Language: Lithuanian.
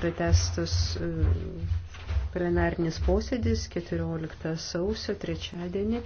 pratestas e, plenarnis posėdis 14 sausio trečiadienį.